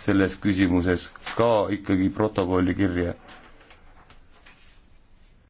selles küsimuses ka ikkagi protokolli kirja.